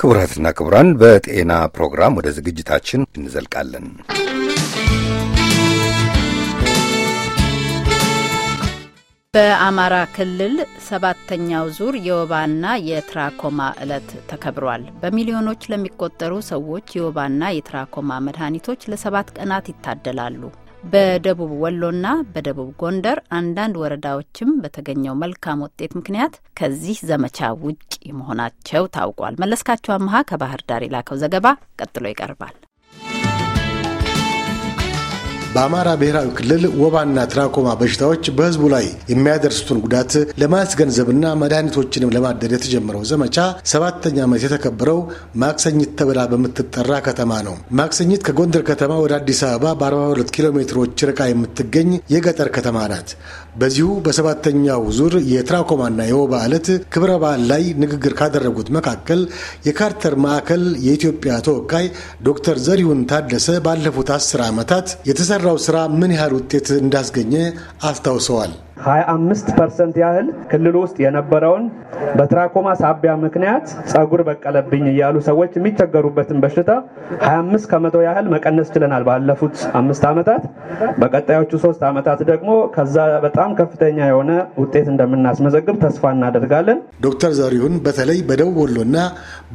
ክቡራትና ክቡራን በጤና ፕሮግራም ወደ ዝግጅታችን እንዘልቃለን። በአማራ ክልል ሰባተኛው ዙር የወባና የትራኮማ ዕለት ተከብሯል። በሚሊዮኖች ለሚቆጠሩ ሰዎች የወባና የትራኮማ መድኃኒቶች ለሰባት ቀናት ይታደላሉ። በደቡብ ወሎና በደቡብ ጎንደር አንዳንድ ወረዳዎችም በተገኘው መልካም ውጤት ምክንያት ከዚህ ዘመቻ ውጭ አዋጪ መሆናቸው ታውቋል። መለስካቸው አመሃ ከባህር ዳር የላከው ዘገባ ቀጥሎ ይቀርባል። በአማራ ብሔራዊ ክልል ወባና ትራኮማ በሽታዎች በህዝቡ ላይ የሚያደርሱትን ጉዳት ለማስገንዘብና መድኃኒቶችንም ለማደድ የተጀመረው ዘመቻ ሰባተኛ ዓመት የተከበረው ማክሰኝት ተብላ በምትጠራ ከተማ ነው። ማክሰኝት ከጎንደር ከተማ ወደ አዲስ አበባ በ42 ኪሎ ሜትሮች ርቃ የምትገኝ የገጠር ከተማ ናት። በዚሁ በሰባተኛው ዙር የትራኮማና የወባ ዕለት ክብረ በዓል ላይ ንግግር ካደረጉት መካከል የካርተር ማዕከል የኢትዮጵያ ተወካይ ዶክተር ዘሪሁን ታደሰ ባለፉት አስር ዓመታት የተሰራው ስራ ምን ያህል ውጤት እንዳስገኘ አስታውሰዋል። 25 ፐርሰንት ያህል ክልሉ ውስጥ የነበረውን በትራኮማ ሳቢያ ምክንያት ጸጉር በቀለብኝ እያሉ ሰዎች የሚቸገሩበትን በሽታ 25 ከመቶ ያህል መቀነስ ችለናል ባለፉት አምስት ዓመታት። በቀጣዮቹ ሶስት ዓመታት ደግሞ ከዛ በጣም ከፍተኛ የሆነ ውጤት እንደምናስመዘግብ ተስፋ እናደርጋለን። ዶክተር ዘሪሁን በተለይ በደቡብ ወሎና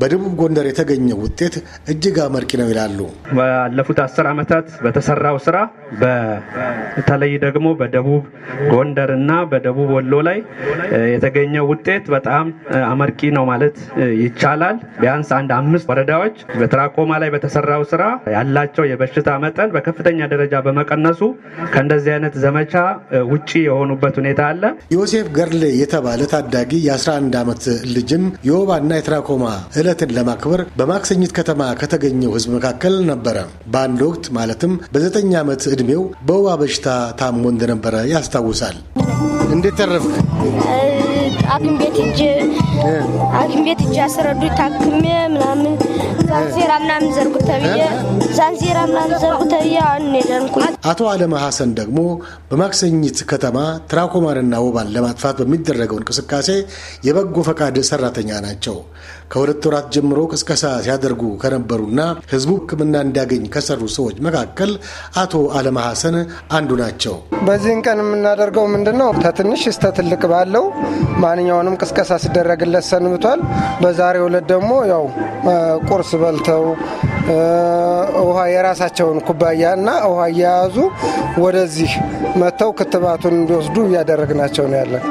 በደቡብ ጎንደር የተገኘው ውጤት እጅግ አመርቂ ነው ይላሉ። ባለፉት አስር ዓመታት በተሰራው ስራ በተለይ ደግሞ በደቡብ ጎንደር እና በደቡብ ወሎ ላይ የተገኘው ውጤት በጣም አመርቂ ነው ማለት ይቻላል። ቢያንስ አንድ አምስት ወረዳዎች በትራኮማ ላይ በተሰራው ስራ ያላቸው የበሽታ መጠን በከፍተኛ ደረጃ በመቀነሱ ከእንደዚህ አይነት ዘመቻ ውጪ የሆኑበት ሁኔታ አለ። ዮሴፍ ገርሌ የተባለ ታዳጊ የ11 ዓመት ልጅም የወባና የትራኮማ እለትን ለማክበር በማክሰኝት ከተማ ከተገኘው ህዝብ መካከል ነበረ። በአንድ ወቅት ማለትም በዘጠኝ ዓመት ዕድሜው በወባ በሽታ ታሞ እንደነበረ ያስታውሳል። እንዴት ተረፍክ? ሐኪም ቤት እጅ ሐኪም ቤት እጅ አስረዱ ታክሜ ምናምን ዛንዜራ ምናምን ዘርጉ ተብዬ ዛንዜራ ምናምን ዘርጉ ተብዬ አሁን ደንኩ። አቶ አለማ ሀሰን ደግሞ በማክሰኝት ከተማ ትራኮማርና ወባን ለማጥፋት በሚደረገው እንቅስቃሴ የበጎ ፈቃድ ሰራተኛ ናቸው። ከሁለት ወራት ጀምሮ ቅስቀሳ ሲያደርጉ ከነበሩና ህዝቡ ሕክምና እንዲያገኝ ከሰሩ ሰዎች መካከል አቶ አለማ ሀሰን አንዱ ናቸው። በዚህን ቀን የምናደርገው ነው ከትንሽ እስከ ትልቅ ባለው ማንኛውንም ቅስቀሳ ሲደረግለት ሰንብቷል። በዛሬው ዕለት ደግሞ ያው ቁርስ በልተው ውሃ የራሳቸውን ኩባያ እና ውሃ እየያዙ ወደዚህ መጥተው ክትባቱን እንዲወስዱ እያደረግናቸው ነው ያለን።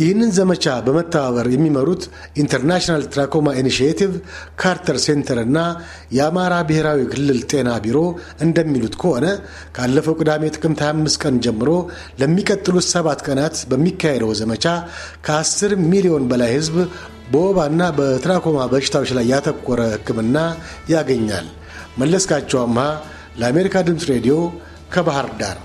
ይህንን ዘመቻ በመተባበር የሚመሩት ኢንተርናሽናል ትራኮማ ኢኒሽቲቭ ካርተር ሴንተር እና የአማራ ብሔራዊ ክልል ጤና ቢሮ እንደሚሉት ከሆነ ካለፈው ቅዳሜ ጥቅምት 25 ቀን ጀምሮ ለሚቀጥሉት ሰባት ቀናት በሚካሄደው ዘመቻ ከ10 ሚሊዮን በላይ ሕዝብ በወባና በትራኮማ በሽታዎች ላይ ያተኮረ ሕክምና ያገኛል። መለስካቸው አምሃ ለአሜሪካ ድምፅ ሬዲዮ ከባህር ዳር